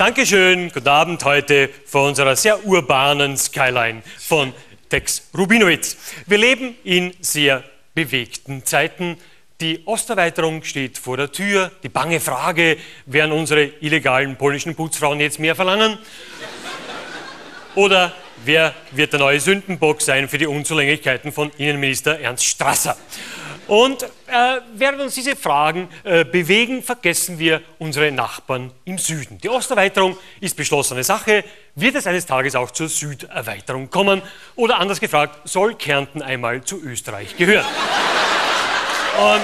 Dankeschön, guten Abend heute vor unserer sehr urbanen Skyline von Tex Rubinowitz. Wir leben in sehr bewegten Zeiten. Die Osterweiterung steht vor der Tür. Die bange Frage, werden unsere illegalen polnischen Putzfrauen jetzt mehr verlangen? Oder wer wird der neue Sündenbock sein für die Unzulänglichkeiten von Innenminister Ernst Strasser? Und äh, während uns diese Fragen äh, bewegen, vergessen wir unsere Nachbarn im Süden. Die Osterweiterung ist beschlossene Sache. Wird es eines Tages auch zur Süderweiterung kommen? Oder anders gefragt, soll Kärnten einmal zu Österreich gehören? Und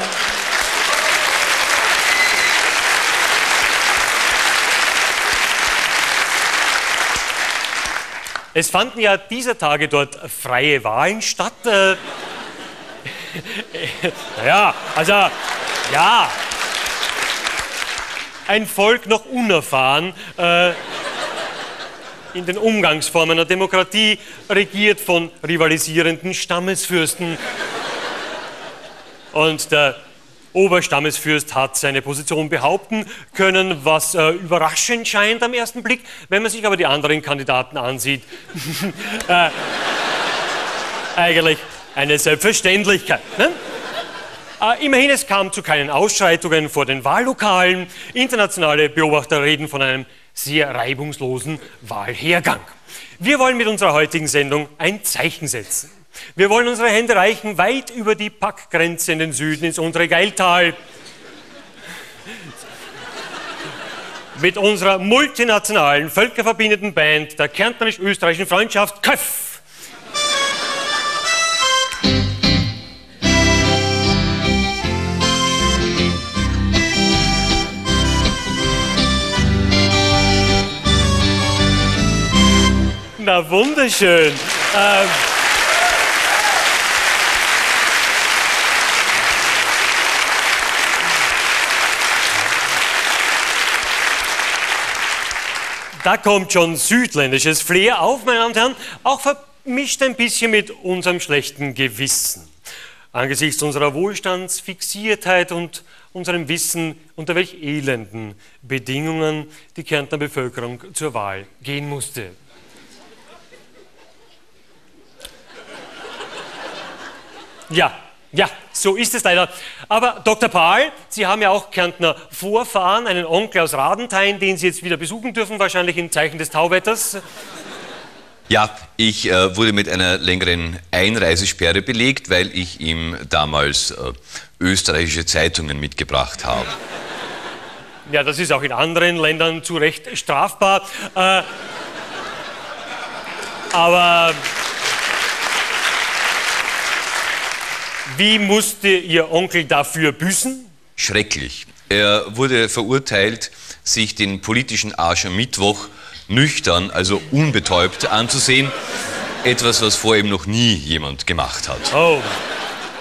Es fanden ja dieser Tage dort freie Wahlen statt. Äh, ja, also, ja. Ein Volk noch unerfahren. Äh, in den Umgangsformen einer Demokratie, regiert von rivalisierenden Stammesfürsten. Und der Oberstammesfürst hat seine Position behaupten können, was äh, überraschend scheint am ersten Blick, wenn man sich aber die anderen Kandidaten ansieht. äh, eigentlich eine Selbstverständlichkeit. Ne? Äh, immerhin, es kam zu keinen Ausschreitungen vor den Wahllokalen. Internationale Beobachter reden von einem sehr reibungslosen Wahlhergang. Wir wollen mit unserer heutigen Sendung ein Zeichen setzen. Wir wollen unsere Hände reichen weit über die Packgrenze in den Süden, ins untere Geiltal. mit unserer multinationalen, völkerverbindenden Band der kärntnerisch-österreichischen Freundschaft Köff. wunderschön. Ähm, da kommt schon südländisches Flair auf, meine Damen und Herren, auch vermischt ein bisschen mit unserem schlechten Gewissen. Angesichts unserer Wohlstandsfixiertheit und unserem Wissen, unter welch elenden Bedingungen die Kärntner Bevölkerung zur Wahl gehen musste. Ja, ja, so ist es leider. Aber Dr. Pahl, Sie haben ja auch Kärntner Vorfahren, einen Onkel aus Radenthein, den Sie jetzt wieder besuchen dürfen, wahrscheinlich im Zeichen des Tauwetters. Ja, ich äh, wurde mit einer längeren Einreisesperre belegt, weil ich ihm damals äh, österreichische Zeitungen mitgebracht habe. Ja, das ist auch in anderen Ländern zu Recht strafbar. Äh, aber. Wie musste Ihr Onkel dafür büßen? Schrecklich. Er wurde verurteilt, sich den politischen Arsch am Mittwoch nüchtern, also unbetäubt anzusehen. Etwas, was vor ihm noch nie jemand gemacht hat. Oh,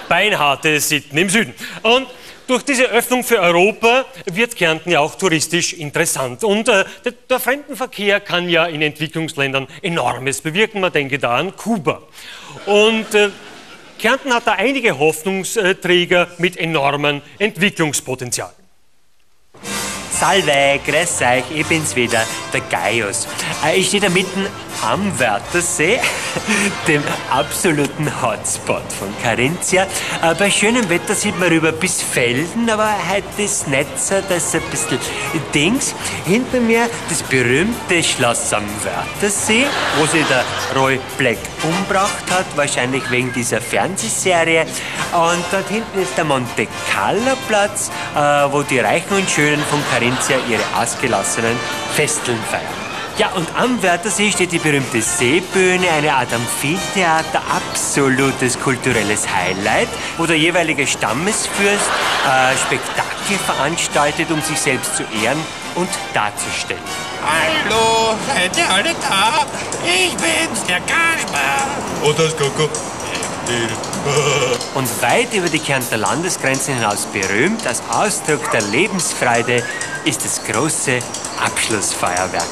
beinharte Sitten im Süden. Und durch diese Öffnung für Europa wird Kärnten ja auch touristisch interessant. Und äh, der, der, Fremdenverkehr kann ja in Entwicklungsländern enormes bewirken. Man denke da an Kuba. Und äh, Kärnten hat da einige Hoffnungsträger mit enormen Entwicklungspotenzialen. Salve, grüß euch, ich bin's wieder, der Gaius. Äh, ich stehe da mitten am Wörthersee, dem absoluten Hotspot von Carinthia. Äh, bei schönem Wetter sieht man rüber bis Felden, aber heute ist nicht so, ist ein bisschen Dings. Hinter mir das berühmte Schloss am Wörthersee, wo sich der Roy Black umbracht hat, wahrscheinlich wegen dieser Fernsehserie. Und dort hinten ist der Monte Carlo Platz, äh, wo die Reichen und Schönen von Carinthia ihre ausgelassenen Festeln feiern. Ja, und am Wörthersee steht die berühmte Seebühne, eine Art Amphitheater, absolutes kulturelles Highlight, wo der jeweilige Stammesfürst äh, Spektakel veranstaltet, um sich selbst zu ehren und darzustellen. Hallo, seid ihr alle da? Ich bin's, der Kasper. Und oh, das Kuckuck. Und weit über die Kärntner Landesgrenzen hinaus berühmt, als Ausdruck der Lebensfreude, ist das große Abschlussfeuerwerk.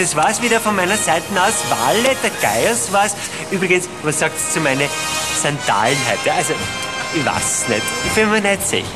das war's wieder von meiner Seite aus. Walle, der Geiers war's. Übrigens, was sagt's zu meinen Sandalen heute? Also, ich weiß nicht. Ich bin mir nicht sicher.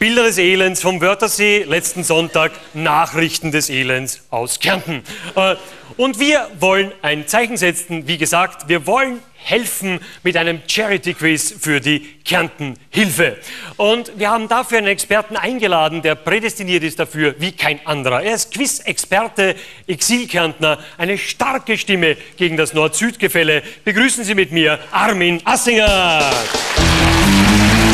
Bilder des Elends vom Wörthersee, letzten Sonntag Nachrichten des Elends aus Kärnten. Äh, und wir wollen ein Zeichen setzen, wie gesagt, wir wollen helfen mit einem Charity-Quiz für die Kärnten-Hilfe. Und wir haben dafür einen Experten eingeladen, der prädestiniert ist dafür wie kein anderer. Er ist Quiz-Experte, Exilkärntner, eine starke Stimme gegen das Nord-Süd-Gefälle. Begrüßen Sie mit mir Armin Assinger. Applaus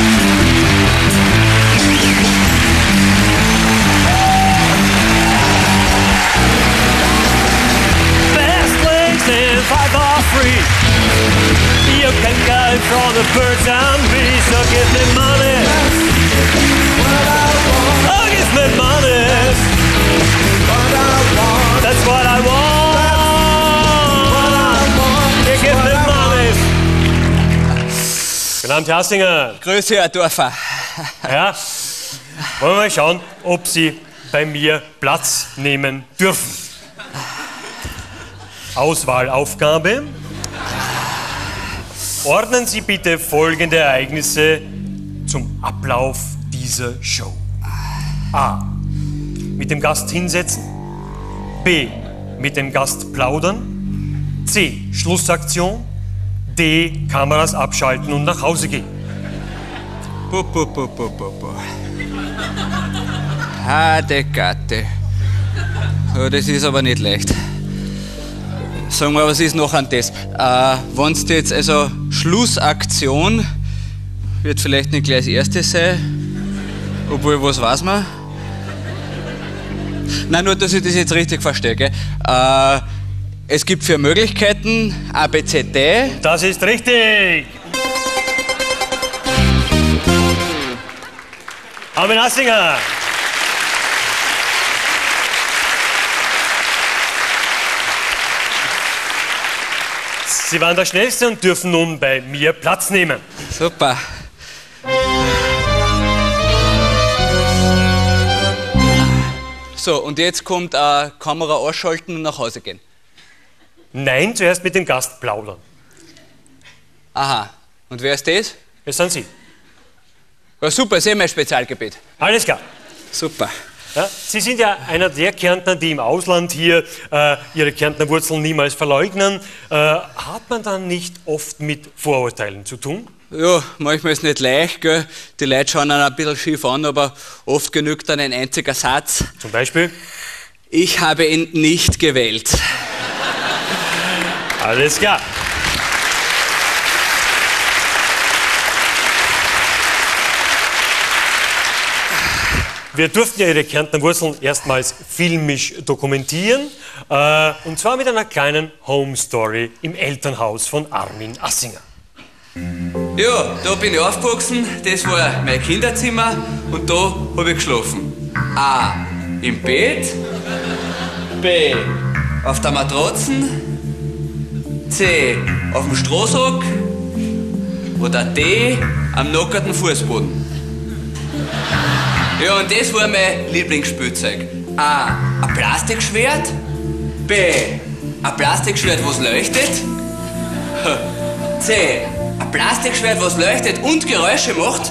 Samt Hassinger. Grüße, Herr Dorfer. Ja, wollen wir mal schauen, ob Sie bei mir Platz nehmen dürfen. Auswahlaufgabe. Ordnen Sie bitte folgende Ereignisse zum Ablauf dieser Show. A. Mit dem Gast hinsetzen. B. Mit dem Gast plaudern. C. Schlussaktion die Kameras abschalten und nach Hause gehen. Puh, puh, puh, puh, puh, puh. Hade Gatte. Oh, das ist aber nicht leicht. Sagen wir, was ist noch an das? Äh, ah, Wenn es jetzt, also Schlussaktion wird vielleicht nicht gleich das erste sein, obwohl, was weiß man? Nein, nur, dass ich das jetzt richtig verstehe. Gell? Äh, es gibt vier Möglichkeiten, A, B, C, D. Das ist richtig. Armin Hassinger. Sie waren der Schnellste und dürfen nun bei mir Platz nehmen. Super. So, und jetzt kommt äh, Kamera ausschalten und nach Hause gehen. Nein, zuerst mit dem Gast plaudern. Aha. Und wer ist das? Das sind Sie. Ja, super, sehr mein Spezialgebiet. Alles klar. Super. Ja, Sie sind ja einer der Kärntner, die im Ausland hier äh, ihre Kärntnerwurzeln niemals verleugnen. Äh, hat man dann nicht oft mit Vorurteilen zu tun? Ja, manchmal ist es nicht leicht, gell? Die Leute schauen einen ein bisschen schief an, aber oft genügt dann ein einziger Satz. Zum Beispiel? Ich habe ihn nicht gewählt. Alles klar. Wir durften ja Ihre Kärntner Wurzeln erstmals filmisch dokumentieren. Äh, und zwar mit einer kleinen Home Story im Elternhaus von Armin Assinger. Ja, da bin ich aufgewachsen. Das war mein Kinderzimmer. Und da habe ich geschlafen. A. Ah, Im Bett. B. Auf der Matratzen. C. Auf dem Strohsack. Oder D. Am nockerten Fußboden. Ja, und das war mein Lieblingsspielzeug. A. Ein Plastikschwert. B. Ein Plastikschwert, was leuchtet. C. Ein Plastikschwert, was leuchtet und Geräusche macht.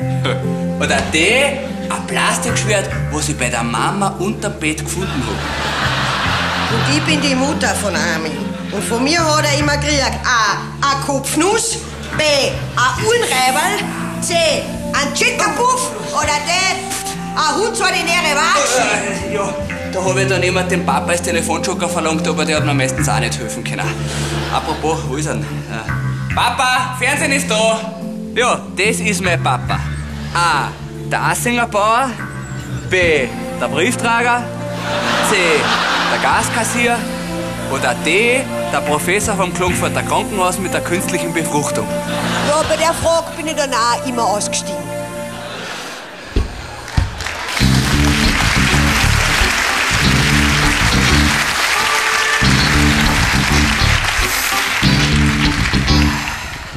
Oder D. Ein Plastikschwert, was ich bei der Mama unterm Bett gefunden habe. Und ich bin die Mutter von Armin. Und von mir hat er immer gekriegt A. A Kopfnuss, B. A Uhrenreiberl, C. Ein Chickerpuff oder D. A Hund soll in ihre ja, da habe ich dann jemand dem Papa als Telefonjoker verlangt, aber der hat mir meistens auch nicht helfen können. Apropos, wo ist er denn? Papa, Fernsehen ist da. Ja, das ist mein Papa. A. Der Assingerbauer. B. Der Brieftrager. C. Der Gaskassier. Oder D. Der Professor vom Klungfurter Krankenhaus mit der künstlichen Befruchtung. Ja, bei der Frage bin ich dann auch immer ausgestiegen.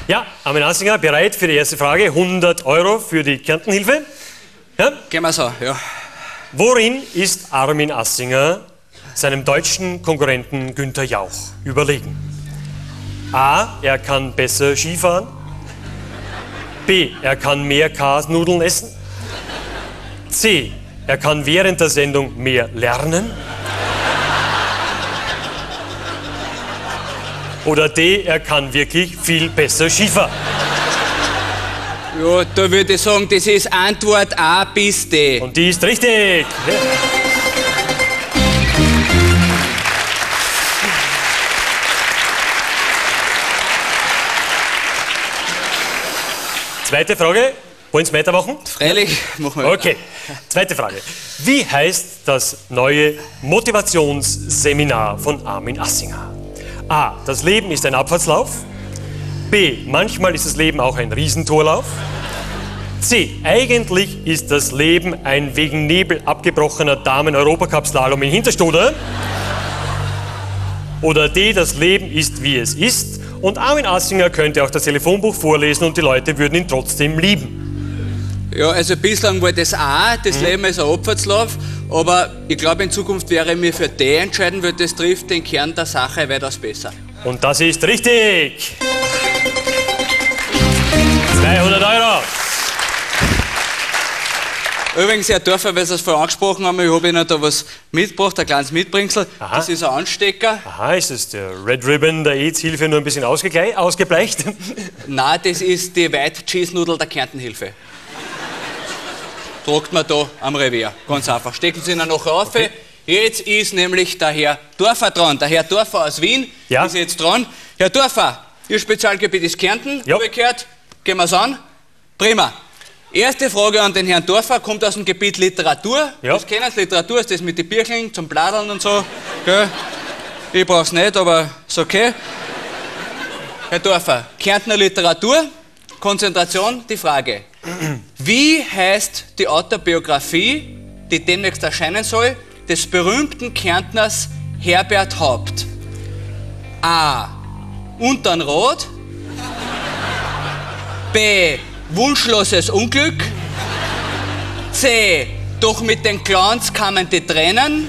Ja, Armin Assinger, bereit für die erste Frage. 100 Euro für die Kärntenhilfe. Ja? Gehen wir so, ja. Worin ist Armin Assinger seinem deutschen Konkurrenten Günther Jauch überlegen. A. Er kann besser Skifahren. B. Er kann mehr Kasnudeln essen. C. Er kann während der Sendung mehr lernen. Oder D. Er kann wirklich viel besser Skifahren. Ja, da würde ich sagen, das ist Antwort A bis D. Und die ist richtig. Ja. Zweite Frage. Wollen Sie weitermachen? Freilich, machen wir weiter. Okay, zweite Frage. Wie heißt das neue Motivationsseminar von Armin Assinger? A. Das Leben ist ein Abfahrtslauf. B. Manchmal ist das Leben auch ein Riesentorlauf. C. Eigentlich ist das Leben ein wegen Nebel abgebrochener Damen-Europacup-Slalom in Hinterstuder. Oder D. Das Leben ist, wie es ist. Und Armin Assinger könnte auch das Telefonbuch vorlesen und die Leute würden ihn trotzdem lieben. Ja, also bislang war das auch, das mhm. Leben ist ein Opferzlauf. aber ich glaube, in Zukunft wäre ich mir für den entscheiden, weil das trifft den Kern der Sache weitaus besser. Und das ist richtig! 200 Euro! Übrigens, Herr Dörfer, weil Sie es vorher angesprochen haben, ich habe Ihnen da was mitgebracht, ein kleines Mitbringsel. Aha. Das ist ein Anstecker. Aha, ist das der Red Ribbon der AIDS-Hilfe nur ein bisschen ausgebleicht? Nein, das ist die White Cheese-Nudel der Kärntenhilfe. Druckt man da am Revier. Ganz einfach. Stecken Sie ihn noch auf. Okay. Jetzt ist nämlich der Herr Dorfer dran. Der Herr Dorfer aus Wien ja. ist jetzt dran. Herr Dorfer, Ihr Spezialgebiet ist Kärnten. Ja. Umgekehrt, gehen wir es an. Prima. Erste Frage an den Herrn Dorfer, kommt aus dem Gebiet Literatur. Ja. Das kennen Sie, Literatur ist das mit den Birkeln zum Bladeln und so. Gell? Ich brauch's nicht, aber ist okay. Herr Dorfer, Kärntner Literatur, Konzentration, die Frage. Wie heißt die Autobiografie, die demnächst erscheinen soll, des berühmten Kärntners Herbert Haupt? A. Untern Rot. B wunschloses Unglück. C. Doch mit den Clowns kamen die Tränen.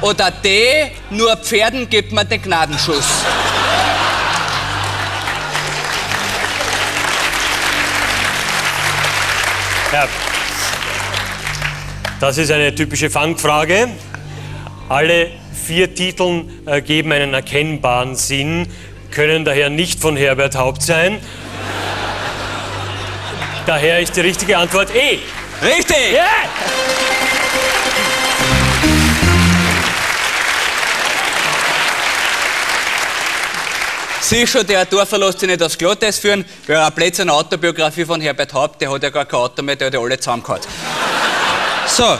Oder D. Nur Pferden gibt man den Gnadenschuss. Ja. Das ist eine typische Fangfrage. Alle vier Titel äh, geben einen erkennbaren Sinn, können daher nicht von Herbert Haupt sein. Daher ist die richtige Antwort E. Richtig! Yeah. Siehst schon, der Dorfer lässt sich nicht aufs Glottes führen, weil ein plötzlich eine Autobiografie von Herbert Haupt, der hat ja gar kein Auto mehr, der hat ja alle zusammengehauen. So,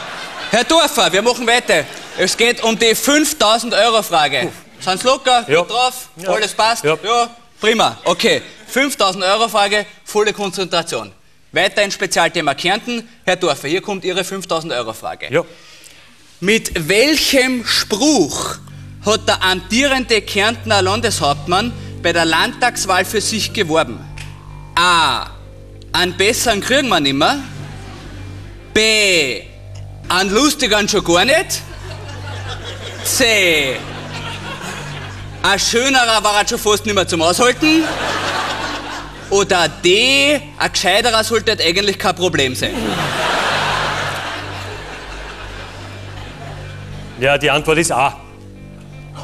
Herr Dorfer, wir machen weiter. Es geht um die 5000 Euro Frage. Sind Sie locker? Ja. drauf? Ja. Alles passt? Ja. ja. Prima. Okay. 5000 Euro Frage, volle Konzentration. Weiter ein Spezialthema Kärnten. Herr Dorfer, hier kommt Ihre 5000 Euro Frage. Ja. Mit welchem Spruch hat der amtierende Kärntner Landeshauptmann bei der Landtagswahl für sich geworben? A. An besseren kriegen wir nimmer. B. An lustigeren schon gar nicht. C. Ein schönerer war er schon fast nicht mehr zum Aushalten. Oder D, ein gescheiterer sollte halt eigentlich kein Problem sein. Ja, die Antwort ist A.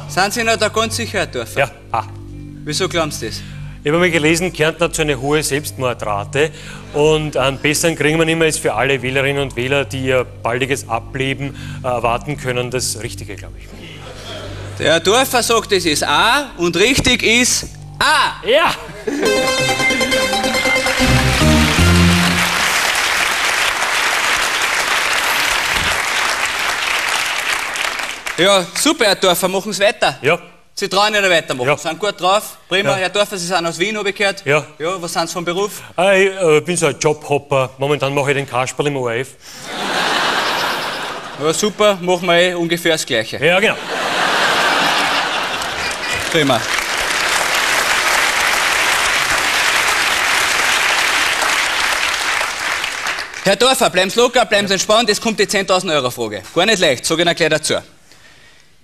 Sind Sie noch da ganz sicher, Herr Dörfer? Ja, A. Wieso glauben Sie das? Ich habe mal gelesen, Kärnten hat so eine hohe Selbstmordrate und einen besseren kriegen wir nicht mehr, ist für alle Wählerinnen und Wähler, die ihr baldiges Ableben äh, erwarten können, das Richtige, glaube ich. Der Dorfer sagt, es ist A und richtig ist A. Ja. Ja, super, Herr Dorfer, machen Sie weiter. Ja. Sie trauen Ihnen weitermachen. Ja. Sind gut drauf. Prima. Ja. Herr Dorfer, Sie sind aus Wien, habe ich gehört. Ja. ja. Was sind Sie vom Beruf? Ah, ich äh, bin so ein Jobhopper. Momentan mache ich den Kasperl im ORF. Ja, super, machen wir eh ungefähr das Gleiche. Ja, genau. Prima. Herr Dorfer, bleiben Sie locker, bleiben Sie entspannt, es kommt die 10.000 Euro Frage. Gar nicht leicht, sage ich Ihnen gleich dazu.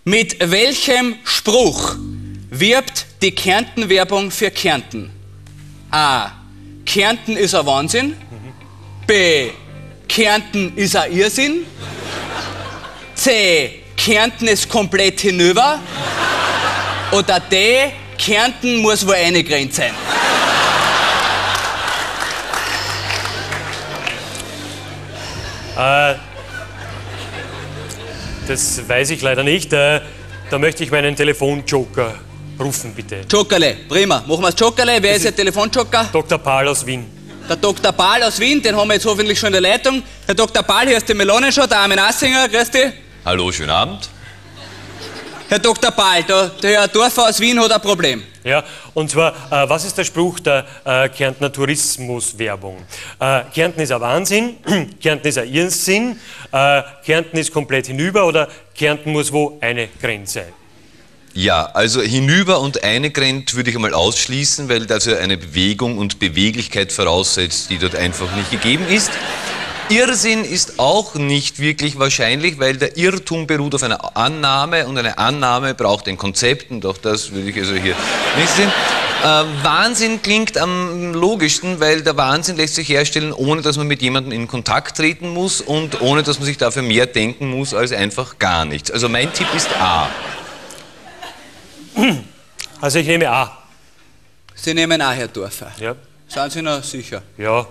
Mit welchem Spruch wirbt die Kärntenwerbung für Kärnten? A. Kärnten ist ein Wahnsinn. B. Kärnten ist ein Irrsinn. C. Kärnten ist komplett hinüber. Oder D. Kärnten muss wohl eine Grenze sein. Äh, das weiß ich leider nicht. Äh, da möchte ich meinen Telefonjoker rufen, bitte. Jokerle, prima. Machen wir Jokerle. Wer das ist der Telefonjoker? Dr. Paul aus Wien. Der Dr. Paul aus Wien, den haben wir jetzt hoffentlich schon in der Leitung. Herr Dr. Paul, hier ist die Melonenschau, der Armin Assinger. Grüß dich. Hallo, schönen Abend. Herr Dr. Paul, der, der Herr Dorfer aus Wien hat ein Problem. Ja, und zwar, äh, was ist der Spruch der äh, Kärntner Tourismuswerbung? Äh, Kärnten ist ein Wahnsinn, Kärnten ist ein Irrsinn, äh, Kärnten ist komplett hinüber oder Kärnten muss wo eine Grenze? Ja, also hinüber und eine Grenze würde ich einmal ausschließen, weil das ja eine Bewegung und Beweglichkeit voraussetzt, die dort einfach nicht gegeben ist. Irrsinn ist auch nicht wirklich wahrscheinlich, weil der Irrtum beruht auf einer Annahme und eine Annahme braucht ein Konzept und auch das würde ich also hier nicht sehen. Äh, Wahnsinn klingt am logischsten, weil der Wahnsinn lässt sich herstellen, ohne dass man mit jemandem in Kontakt treten muss und ohne dass man sich dafür mehr denken muss als einfach gar nichts. Also mein Tipp ist A. Also ich nehme A. Sie nehmen A, Herr Dorfer. Ja. Sind Sie noch sicher? Ja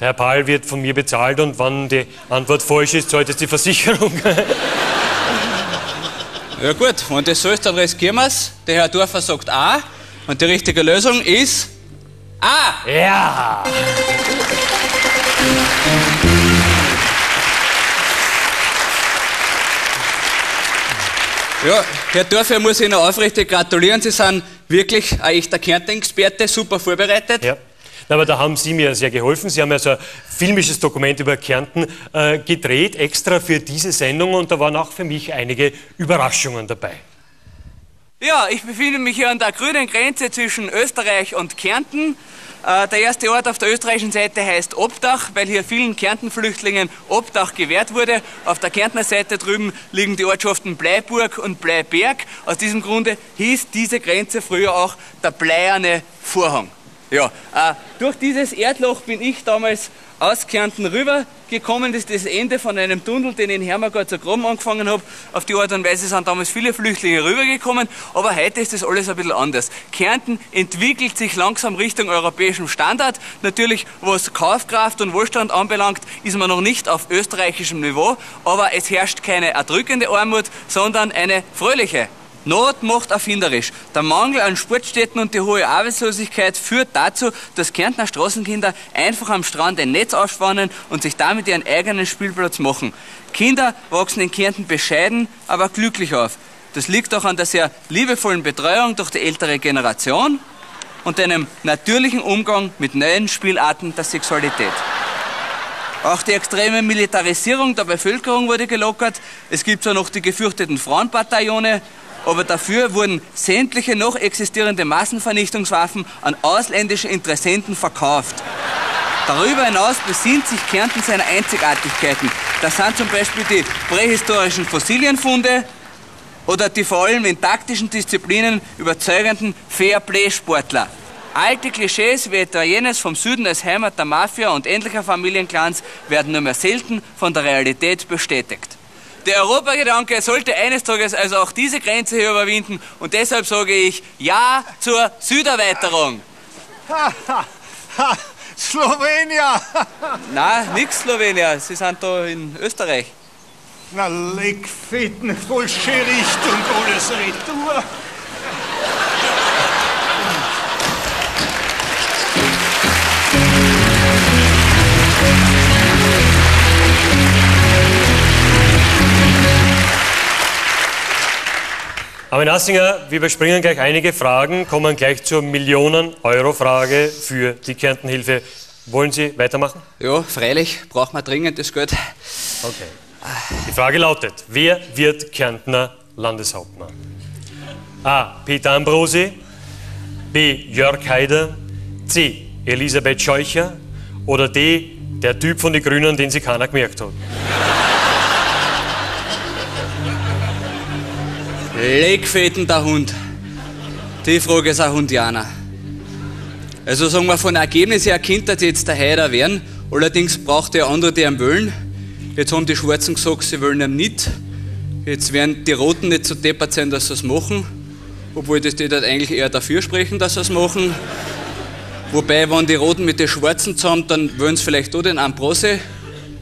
der Herr Pahl wird von mir bezahlt und wenn die Antwort falsch ist, zahlt es die Versicherung. ja gut, wenn das so ist, dann riskieren wir es. Der Herr Dorfer sagt A und die richtige Lösung ist A. Ja. Ja, Herr Dorfer ich muss Ihnen aufrichtig gratulieren. Sie sind wirklich ein echter kärnten super vorbereitet. Ja. Aber da haben Sie mir sehr geholfen. Sie haben ja so ein filmisches Dokument über Kärnten äh, gedreht, extra für diese Sendung. Und da waren auch für mich einige Überraschungen dabei. Ja, ich befinde mich hier an der grünen Grenze zwischen Österreich und Kärnten. Äh, der erste Ort auf der österreichischen Seite heißt Obdach, weil hier vielen Kärntenflüchtlingen Obdach gewährt wurde. Auf der Kärntner Seite drüben liegen die Ortschaften Bleiburg und Bleiberg. Aus diesem Grunde hieß diese Grenze früher auch der Bleierne Vorhang. Ja, äh, durch dieses Erdloch bin ich damals aus Kärnten rübergekommen. Das ist das Ende von einem Tunnel, den ich in Hermagard zu graben angefangen habe. Auf die Art und Weise sind damals viele Flüchtlinge rübergekommen, aber heute ist das alles ein bisschen anders. Kärnten entwickelt sich langsam Richtung europäischem Standard. Natürlich, was Kaufkraft und Wohlstand anbelangt, ist man noch nicht auf österreichischem Niveau, aber es herrscht keine erdrückende Armut, sondern eine fröhliche Not macht erfinderisch. Der Mangel an Sportstätten und die hohe Arbeitslosigkeit führt dazu, dass Kärntner Straßenkinder einfach am Strand ein Netz ausspannen und sich damit ihren eigenen Spielplatz machen. Kinder wachsen in Kärnten bescheiden, aber glücklich auf. Das liegt auch an der sehr liebevollen Betreuung durch die ältere Generation und einem natürlichen Umgang mit neuen Spielarten der Sexualität. Auch die extreme Militarisierung der Bevölkerung wurde gelockert. Es gibt zwar noch die gefürchteten Frauenbataillone, aber dafür wurden sämtliche noch existierende Massenvernichtungswaffen an ausländische Interessenten verkauft. Darüber hinaus besinnt sich Kärnten seiner Einzigartigkeiten. Das sind zum Beispiel die prähistorischen Fossilienfunde oder die vor allem in taktischen Disziplinen überzeugenden Fairplay-Sportler. Alte Klischees wie etwa jenes vom Süden als Heimat der Mafia und ähnlicher Familienclans werden nur mehr selten von der Realität bestätigt. Der Europagedanke sollte eines Tages also auch diese Grenze hier überwinden und deshalb sage ich Ja zur Süderweiterung. Ha, ha, ha. Slowenia! Nein, nix Slowenia, Sie sind da in Österreich. Na, leg Fitten, ne, falsche Richtung, alles retour. Aber in Assinger, wir überspringen gleich einige Fragen, kommen gleich zur Millionen-Euro-Frage für die Kärntenhilfe. Wollen Sie weitermachen? Ja, freilich, braucht man dringend das Geld. Okay. Die Frage lautet: Wer wird Kärntner Landeshauptmann? A. Peter Ambrosi, B. Jörg Haider, C. Elisabeth Scheucher oder D. Der Typ von den Grünen, den sich keiner gemerkt hat. Legfäden der Hund. Die Frage ist ein Hundianer. Also sagen wir, von Ergebnis her könnte das jetzt der Heider werden. Allerdings braucht er andere, die ihn wollen. Jetzt haben die Schwarzen gesagt, sie wollen ihn nicht. Jetzt werden die Roten nicht so deppert sein, dass sie es machen. Obwohl das die dort eigentlich eher dafür sprechen, dass sie es machen. Wobei, wenn die Roten mit den Schwarzen zusammen, dann wollen sie vielleicht auch den Ambrose.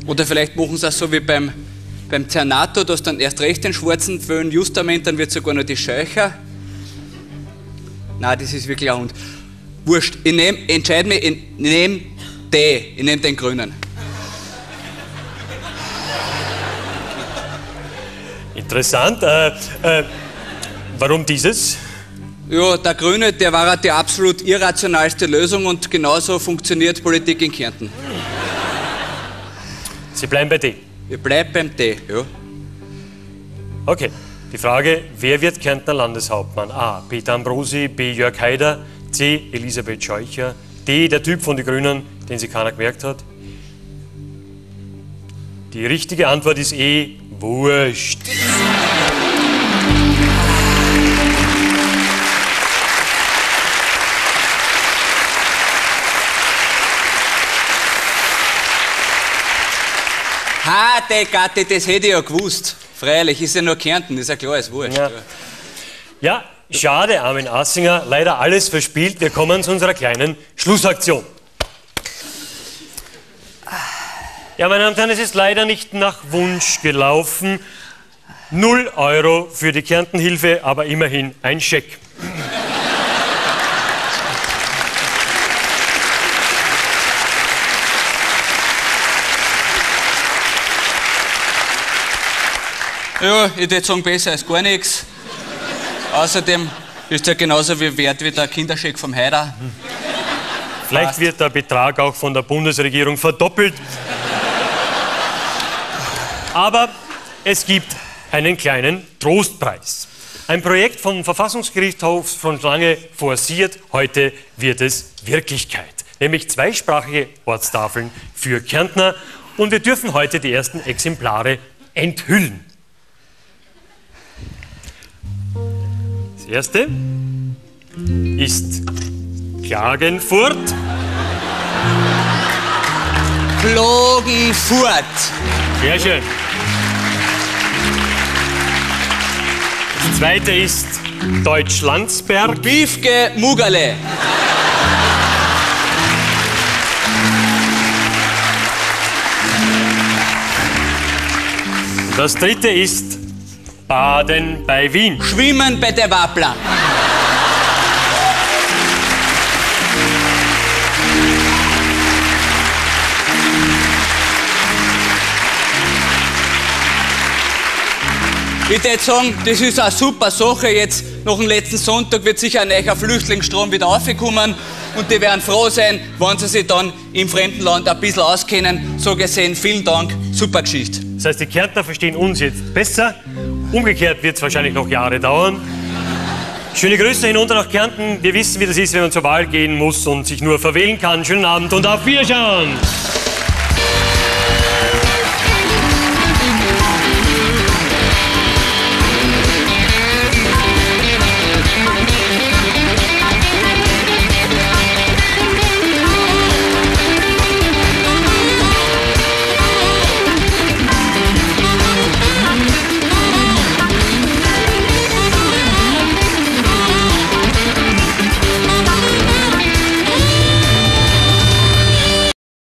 Oder vielleicht machen sie es so wie beim beim Zernato, da hast dann erst recht den schwarzen Föhn, Justament, dann wird sogar noch die Scheucher. Na, das ist wirklich ein Hund. Wurscht, ich nehme, entscheide mich, ich nehme den, ich nehme den grünen. Interessant. Äh, äh, warum dieses? Ja, der Grüne, der war die absolut irrationalste Lösung und genauso funktioniert Politik in Kärnten. Sie bleiben bei dir. Ich bleiben beim D, ja. Okay, die Frage, wer wird Kärntner Landeshauptmann? A. Peter Ambrosi, B. Jörg Haider, C. Elisabeth Scheucher, D. Der Typ von den Grünen, den sich keiner gemerkt hat. Die richtige Antwort ist E. Wurscht. Ha, Dekati, das hätte ich ja gewusst. Freilich, ist ja nur Kärnten, ist ja klar, ist wurscht. Ja. ja, schade, Armin Assinger, leider alles verspielt. Wir kommen zu unserer kleinen Schlussaktion. Ja, meine Damen und Herren, es ist leider nicht nach Wunsch gelaufen. Null Euro für die Kärntenhilfe, aber immerhin ein Scheck. Ja, ich würde sagen, besser als gar nichts. Außerdem ist er genauso wie wert wie der Kinderscheck vom Heider. Vielleicht Passt. wird der Betrag auch von der Bundesregierung verdoppelt. Aber es gibt einen kleinen Trostpreis. Ein Projekt vom Verfassungsgerichtshof von lange forciert, heute wird es Wirklichkeit. Nämlich zweisprachige Ortstafeln für Kärntner. Und wir dürfen heute die ersten Exemplare enthüllen. erste ist Klagenfurt. Klagenfurt. Sehr schön. Das zweite ist Deutschlandsberg. Biefke Mugale. Das dritte ist Baden bei Wien. Schwimmen bei der Wappler. Ich würde sagen, das ist eine super Sache. Jetzt nach dem letzten Sonntag wird sicher ein neuer Flüchtlingsstrom wieder aufgekommen und die werden froh sein, wenn sie sich dann im fremden Land ein bisschen auskennen. So gesehen, vielen Dank, super Geschichte. Das heißt, die Kärntner verstehen uns jetzt besser Umgekehrt wird es wahrscheinlich noch Jahre dauern. Schöne Grüße hinunter nach Kärnten. Wir wissen, wie das ist, wenn man zur Wahl gehen muss und sich nur verwählen kann. Schönen Abend und auf Wiedersehen!